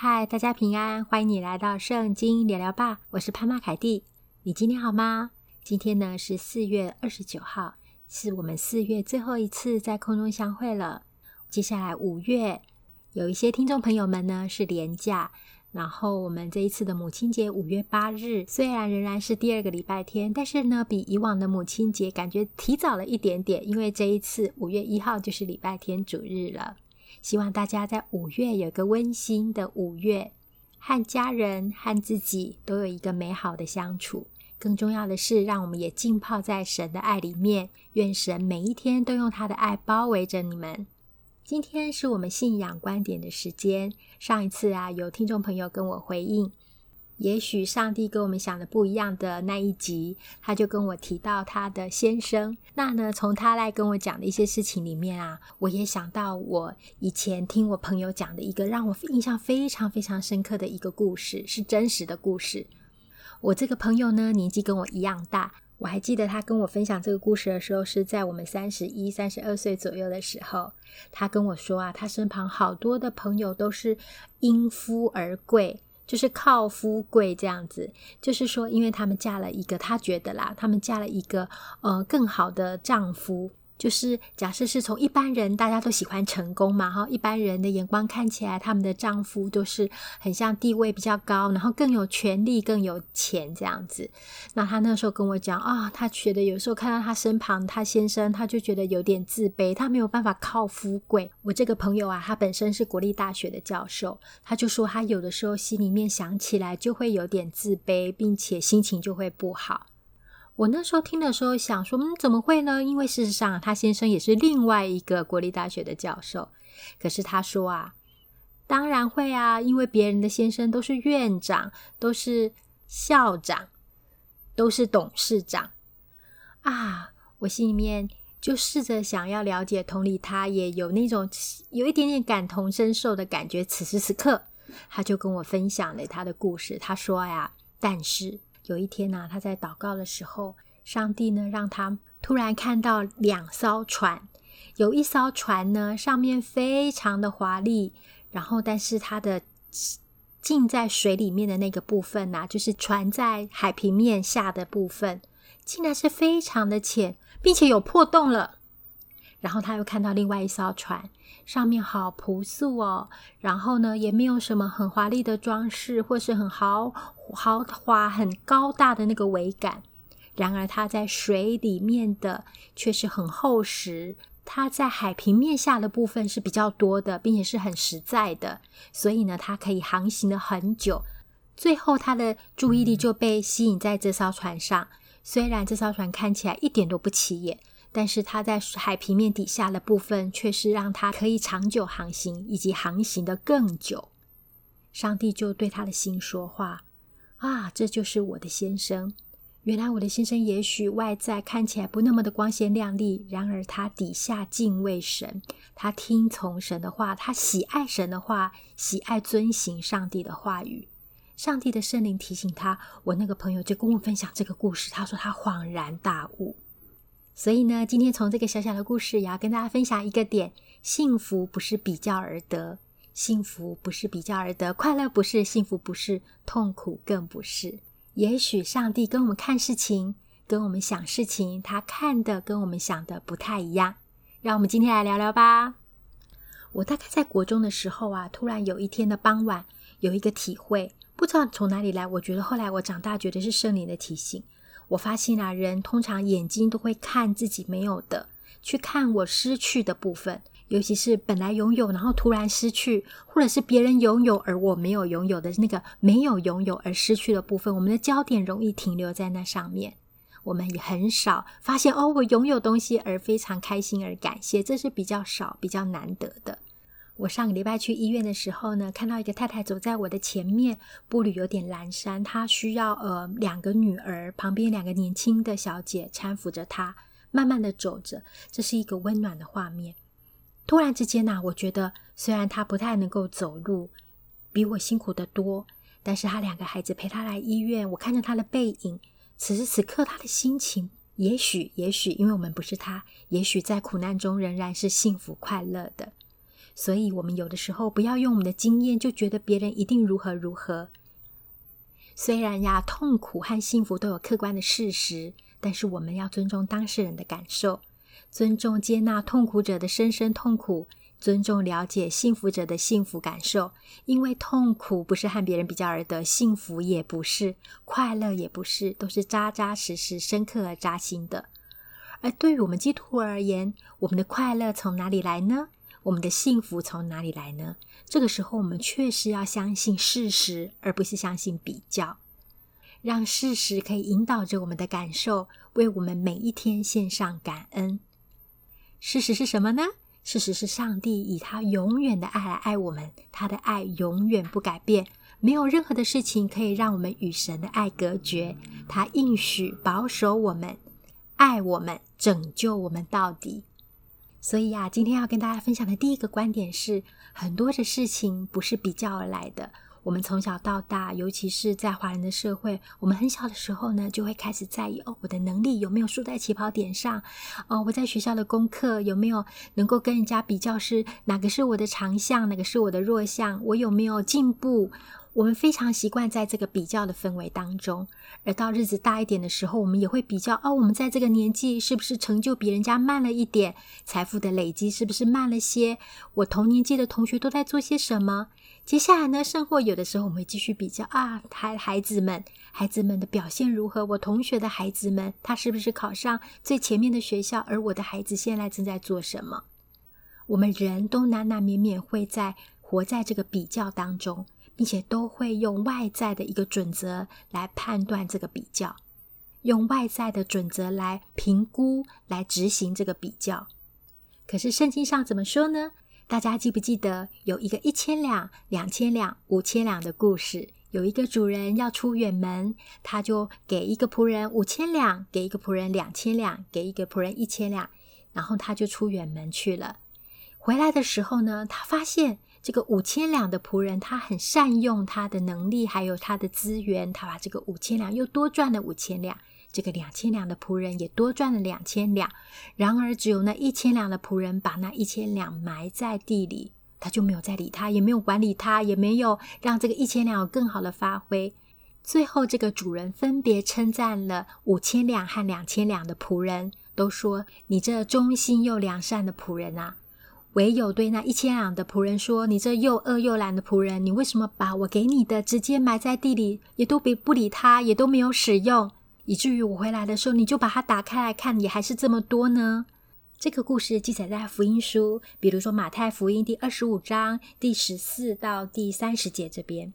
嗨，大家平安，歡迎你來到聖經聊聊吧，我是潘媽凱蒂。你今天好嗎？今天呢是四月二十九號，是我們四月最後一次在空中相會了。接下來五月有一些聽眾朋友們呢是連假，然後我們這一次的母親節五月八日，雖然仍然是第二個禮拜天，但是呢比以往的母親節感覺提早了一點點，因為這一次五月一號就是禮拜天主日了。希望大家在五月有一個溫馨的五月，和家人和自己都有一個美好的相處。更重要的是，讓我們也浸泡在神的愛裡面。願神每一天都用他的愛包圍着你們。今天是我們信仰觀點的時間。上一次啊，有聽眾朋友跟我回應。也許上帝跟我們想的不一樣的那一集，他就跟我提到他的先生。那呢，從他來跟我講的一些事情裡面啊，我也想到我以前聽我朋友講的一個讓我印象非常非常深刻的一個故事，是真實的故事。我這個朋友呢，年紀跟我一樣大。我還記得他跟我分享這個故事的時候，是在我們三十一、三十二歲左右的時候。他跟我說啊，他身旁好多的朋友都是因夫而貴。就是靠夫貴這樣子，就是說，因為他們嫁了一個，她覺得啦，他們嫁了一個，呃，更好的丈夫。就是假設是從一般人，大家都喜歡成功嘛，然後一般人的眼光看起來，他們的丈夫都是很像地位比較高，然後更有權力、更有錢這樣子。那她那時候跟我講，啊、哦，她覺得有時候看到她身旁她先生，她就覺得有點自卑，她沒有辦法靠富貴。我這個朋友啊，她本身是國立大學的教授，她就說她有的時候心裡面想起來就會有點自卑，並且心情就會不好。我那時候聽的時候想說，嗯，怎麼會呢？因為事實上，他先生也是另外一個國立大學的教授。可是他說啊，當然會啊，因為別人的先生都是院長，都是校長，都是董事長。啊，我心裡面就試着想要了解同理，他也有那種有一點點感同身受的感覺。此時此刻，他就跟我分享了他的故事。他說呀、啊，但是。有一天吶、啊，他在禱告的時候，上帝呢讓他突然看到兩艘船，有一艘船呢上面非常的華麗，然後但是它的浸在水裡面的那個部分吶、啊，就是船在海平面下的部分，竟然是非常的淺，並且有破洞了。然後他又看到另外一艘船，上面好樸素哦。然後呢，也沒有什麼很華麗的裝飾，或是很豪豪華、很高大的那個桅杆。然而，它在水裡面的卻是很厚實，它在海平面下的部分是比較多的，並且是很實在的。所以呢，它可以航行了很久，航行得很久。最後，他的注意力就被吸引在這艘船上，雖然這艘船看起來一點都不起眼。但是他在海平面底下的部分，卻是讓他可以長久航行，以及航行的更久。上帝就對他的心說話：“啊，這就是我的先生。原來我的先生也許外在看起來不那麼的光鮮亮麗，然而他底下敬畏神，他聽從神的話，他喜愛神的話，喜愛遵行上帝的話語。上帝的聖靈提醒他，我那個朋友就跟我分享這個故事，他說他恍然大悟。”所以呢，今天從這個小小的故事，也要跟大家分享一個點：幸福不是比較而得，幸福不是比較而得，快樂不是，幸福不是，痛苦更不是。也許上帝跟我們看事情，跟我們想事情，他看的跟我們想的不太一樣。讓我們今天來聊聊吧。我大概在國中的時候啊，突然有一天的傍晚，有一個體會，不知道從哪裡來。我覺得後來我長大，覺得是聖靈的提醒。我發現啊，人通常眼睛都會看自己沒有的，去看我失去的部分，尤其是本來擁有然後突然失去，或者是別人擁有而我沒有擁有的，那個沒有擁有而失去的部分，我們的焦點容易停留在那上面。我們也很少發現哦，我擁有東西而非常開心而感謝，這是比較少、比較難得的。我上個禮拜去醫院的時候呢，看到一個太太走在我的前面，步履有點蹣跚。她需要呃兩個女兒旁邊兩個年輕的小姐攙扶着她，慢慢的走着。這是一個溫暖的畫面。突然之間呢、啊，我覺得雖然她不太能夠走路，比我辛苦得多，但是她兩個孩子陪她來醫院。我看着她的背影，此時此刻她的心情，也許也許因為我們不是她，也許在苦難中仍然是幸福快樂的。所以，我們有的時候不要用我們的經驗，就覺得別人一定如何如何。雖然呀，痛苦和幸福都有客觀的事實，但是我們要尊重當事人的感受，尊重接納痛苦者的深深痛苦，尊重了解幸福者的幸福感受。因為痛苦不是和別人比較而得，幸福也不是，快樂也不是，都是扎扎實實、深刻而扎心的。而對於我們基督徒而言，我們的快樂從哪裡來呢？我們的幸福從哪裡來呢？這個時候，我們確實要相信事實，而不是相信比較。讓事實可以引導着我們的感受，為我們每一天獻上感恩。事實是什麼呢？事實是上帝以他永遠的愛來愛我們，他的愛永遠不改變，沒有任何的事情可以讓我們與神的愛隔絕。他應許保守我們，愛我們，拯救我們到底。所以呀、啊，今天要跟大家分享的第一個觀點是，很多的事情不是比較而來的。我們從小到大，尤其是在華人的社會，我們很小的時候呢，就會開始在意哦，我的能力有沒有輸在起跑點上？哦，我在學校的功課有沒有能夠跟人家比較？是哪個是我的長項，哪個是我的弱項？我有沒有進步？我們非常習慣在這個比較的氛圍當中，而到日子大一點的時候，我們也會比較哦，我們在這個年紀是不是成就比人家慢了一點？財富的累積是不是慢了些？我同年紀的同學都在做些什麼？接下來呢？生活有的時候我們會繼續比較啊，孩孩子們，孩子們的表現如何？我同學的孩子們，他是不是考上最前面的學校？而我的孩子現在正在做什麼？我們人都難難免免會在活在這個比較當中。並且都會用外在的一個準則來判斷這個比較，用外在的準則來評估、來執行這個比較。可是聖經上怎麼說呢？大家記不記得有一個一千兩、兩千兩、五千兩的故事？有一個主人要出遠門，他就給一個僕人五千兩，給一個僕人兩千兩，給一個僕人一千兩，然後他就出遠門去了。回來的時候呢，他發現。這個五千兩的僕人，他很善用他的能力，還有他的資源，他把這個五千兩又多賺了五千兩。這個兩千兩的僕人也多賺了兩千兩。然而，只有那一千兩的僕人把那一千兩埋在地裡，他就沒有再理他，也沒有管理他，也沒有讓這個一千兩有更好的發揮。最後，這個主人分別稱讚了五千兩和兩千兩的僕人，都說：“你這忠心又良善的僕人啊！”唯有對那一千兩的僕人說：“你這又惡又懶的僕人，你為什麼把我給你的直接埋在地裡，也都別不理他，也都沒有使用，以至於我回來的時候，你就把它打開來看，也還是這麼多呢？”這個故事記載在福音書，比如說馬太福音第二十五章第十四到第三十節這邊。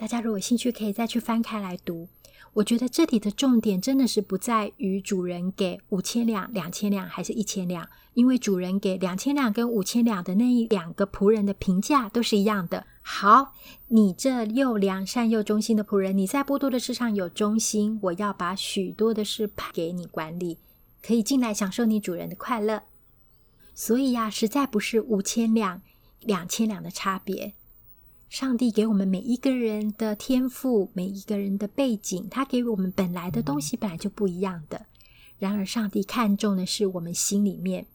大家如果有興趣，可以再去翻開來讀。我覺得這裡的重點真的是不在於主人給五千兩、兩千兩還是一千兩，因為主人給兩千兩跟五千兩的那一兩個僕人的評價都是一樣的。好，你這又良善又忠心的僕人，你在不多的事上有忠心，我要把許多的事派給你管理，可以進來享受你主人的快樂。所以呀、啊，實在不是五千兩、兩千兩的差別。上帝給我們每一個人的天賦，每一個人的背景，他給我們本來的東西本來就不一樣的。嗯、然而，上帝看重的是我們心裡面。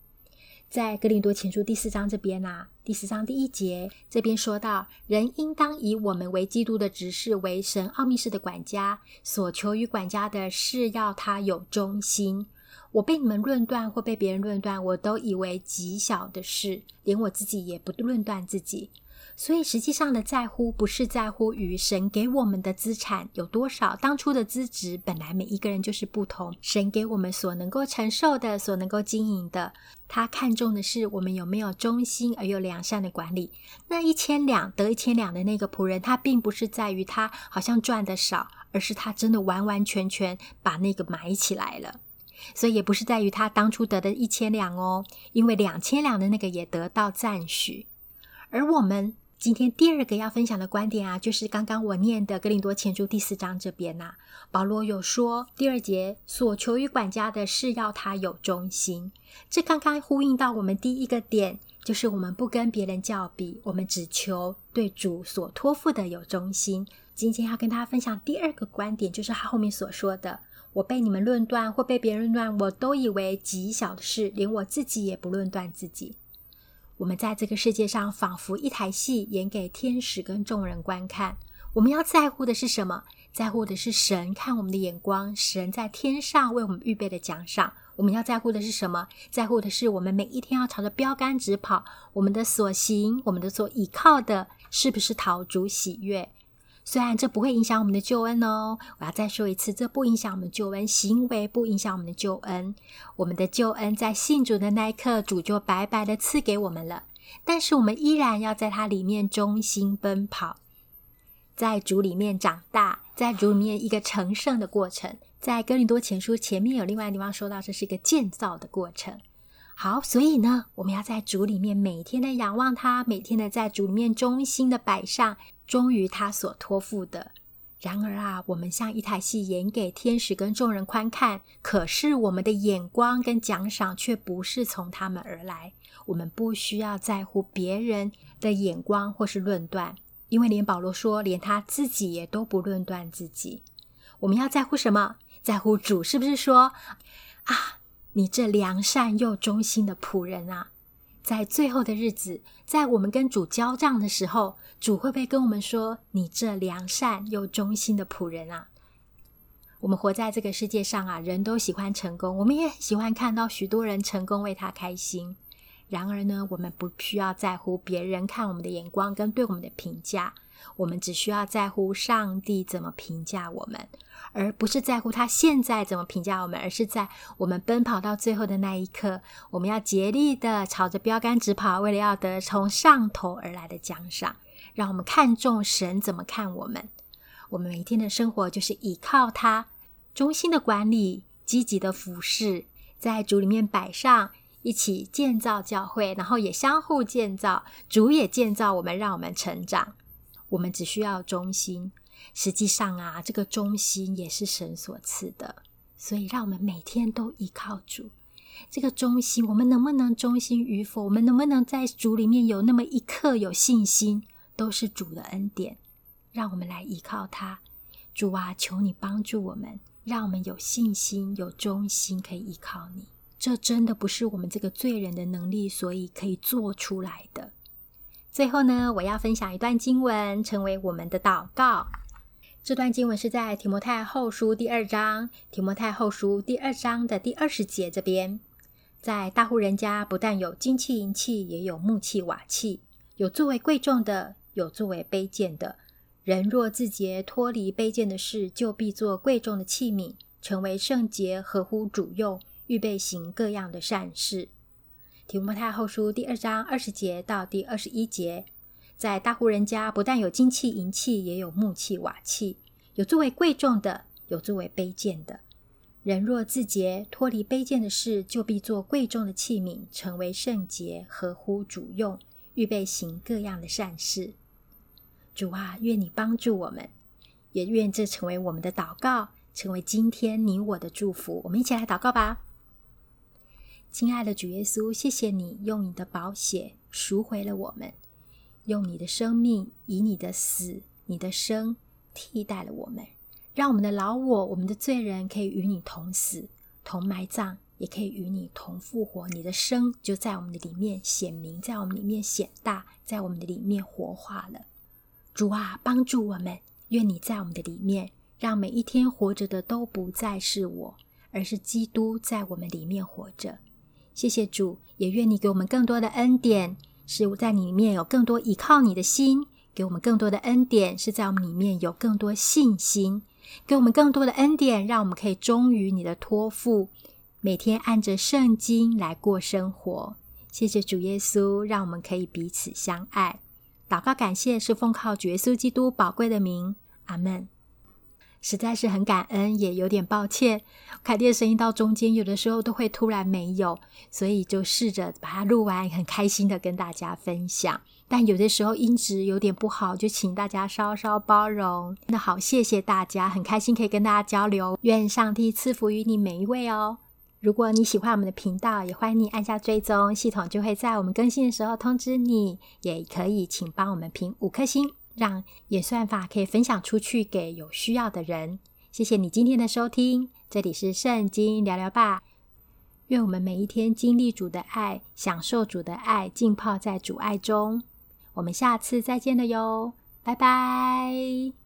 在哥林多前書第四章這邊啊，第四章第一節這邊說到：“人應當以我們為基督的執事，為神奧秘事的管家。所求於管家的是要他有忠心。我被你們論斷，或被別人論斷，我都以為極小的事，連我自己也不論斷自己。”所以實際上的在乎，不是在乎於神給我們的資產有多少，當初的資質本來每一個人就是不同。神給我們所能夠承受的，所能夠經營的，他看重的是我們有沒有忠心而又良善的管理。那一千兩得一千兩的那個僕人，他並不是在於他好像賺得少，而是他真的完完全全把那個埋起來了。所以也不是在於他當初得的一千兩哦，因為兩千兩的那個也得到贊許，而我們。今天第二個要分享的觀點啊，就是剛剛我念的《格林多前書》第四章這邊吶、啊，保羅有說第二節所求於管家的是要他有忠心，這剛剛呼應到我們第一個點，就是我們不跟別人較比，我們只求對主所託付的有忠心。今天要跟大家分享第二個觀點，就是他後面所說的：我被你們論斷或被別人論斷，我都以為極小的事，連我自己也不論斷自己。我們在這個世界上，仿佛一台戲，演給天使跟眾人觀看。我們要在乎的是什麼？在乎的是神看我們的眼光，神在天上為我們預備的獎賞。我們要在乎的是什麼？在乎的是我們每一天要朝着標杆直跑。我們的所行，我們的所倚靠的，是不是討主喜悅？雖然這不會影響我們的救恩哦，我要再說一次，這不影響我們的救恩，行為不影響我們的救恩。我們的救恩在信主的那一刻，主就白白的賜給我們了。但是我們依然要在祂裡面忠心奔跑，在主裡面長大，在主裡面一個成聖的過程。在哥林多前書前面有另外一個地方說到，這是一個建造的過程。好，所以呢，我們要在主裡面每天的仰望祂，每天的在主裡面忠心的擺上。忠於他所託付的。然而啊，我們像一台戲演給天使跟眾人觀看，可是我們的眼光跟獎賞卻不是從他們而來。我們不需要在乎別人的眼光或是論斷，因為連保羅說，連他自己也都不論斷自己。我們要在乎什麼？在乎主是不是說啊，你這良善又忠心的僕人啊？在最後的日子，在我們跟主交賬的時候，主會不會跟我們說：“你這良善又忠心的僕人啊？”我們活在這個世界上啊，人都喜歡成功，我們也喜歡看到許多人成功，為他開心。然而呢，我們不需要在乎別人看我們的眼光跟對我們的評價。我們只需要在乎上帝怎麼評價我們，而不是在乎他現在怎麼評價我們。而是在我們奔跑到最後的那一刻，我們要竭力的朝着標杆直跑，為了要得從上頭而來的獎賞。讓我們看重神怎麼看我們。我們每天的生活就是依靠他，忠心的管理，積極的服侍，在主裡面擺上，一起建造教會，然後也相互建造，主也建造我們，讓我們成長。我們只需要忠心，實際上啊，這個忠心也是神所賜的。所以，讓我們每天都依靠主。這個忠心，我們能不能忠心與否，我們能不能在主裡面有那麼一刻有信心，都是主的恩典。讓我們來依靠他。主啊，求你幫助我們，讓我們有信心、有忠心可以依靠你。這真的不是我們這個罪人的能力，所以可以做出來的。最後呢，我要分享一段經文，成為我們的禱告。這段經文是在提摩太後書第二章，提摩太後書第二章的第二十節這邊。在大戶人家，不但有金器、銀器，也有木器、瓦器，有作為貴重的，有作為卑賤的。人若自潔，脫離卑賤的事，就必做貴重的器皿，成為聖潔，合乎主用，預備行各樣的善事。提摩太後書第二章二十節到第二十一節，在大戶人家，不但有金器、銀器，也有木器、瓦器，有作為貴重的，有作為卑賤的。人若自潔，脫離卑賤的事，就必做貴重的器皿，成為聖潔，合乎主用，預備行各樣的善事。主啊，願你幫助我們，也願這成為我們的禱告，成為今天你我的祝福。我們一起來禱告吧。親愛的主耶穌，謝謝你用你的寶血贖回了我們，用你的生命以你的死、你的生替代了我們，讓我們的老我、我們的罪人可以與你同死、同埋葬，也可以與你同復活。你的生就在我們的裡面顯明，在我們裡面顯大，在我們的裡面活化了。主啊，幫助我們，願你在我們的裡面，讓每一天活着的都不再是我，而是基督在我們裡面活着。謝謝主，也願你給我們更多的恩典，是在你裡面有更多依靠你的心；給我們更多的恩典，是在我們裡面有更多信心；給我們更多的恩典，讓我們可以忠於你的托付，每天按着聖經來過生活。謝謝主耶穌，讓我們可以彼此相愛。禱告、感謝，是奉靠主耶穌基督寶貴的名，阿門。實在是很感恩，也有點抱歉。凱蒂的聲音到中間，有的時候都會突然沒有，所以就試着把它錄完，很開心的跟大家分享。但有的時候音質有點不好，就請大家稍稍包容。那好，謝謝大家，很開心可以跟大家交流。願上帝賜福於你每一位哦。如果你喜歡我們的頻道，也歡迎你按下追蹤，系統就會在我們更新的時候通知你。也可以請幫我們評五顆星。讓演算法可以分享出去給有需要的人。謝謝你今天的收聽，這裡是聖經聊聊吧。願我們每一天經歷主的愛，享受主的愛，浸泡在主愛中。我們下次再見了喲，拜拜。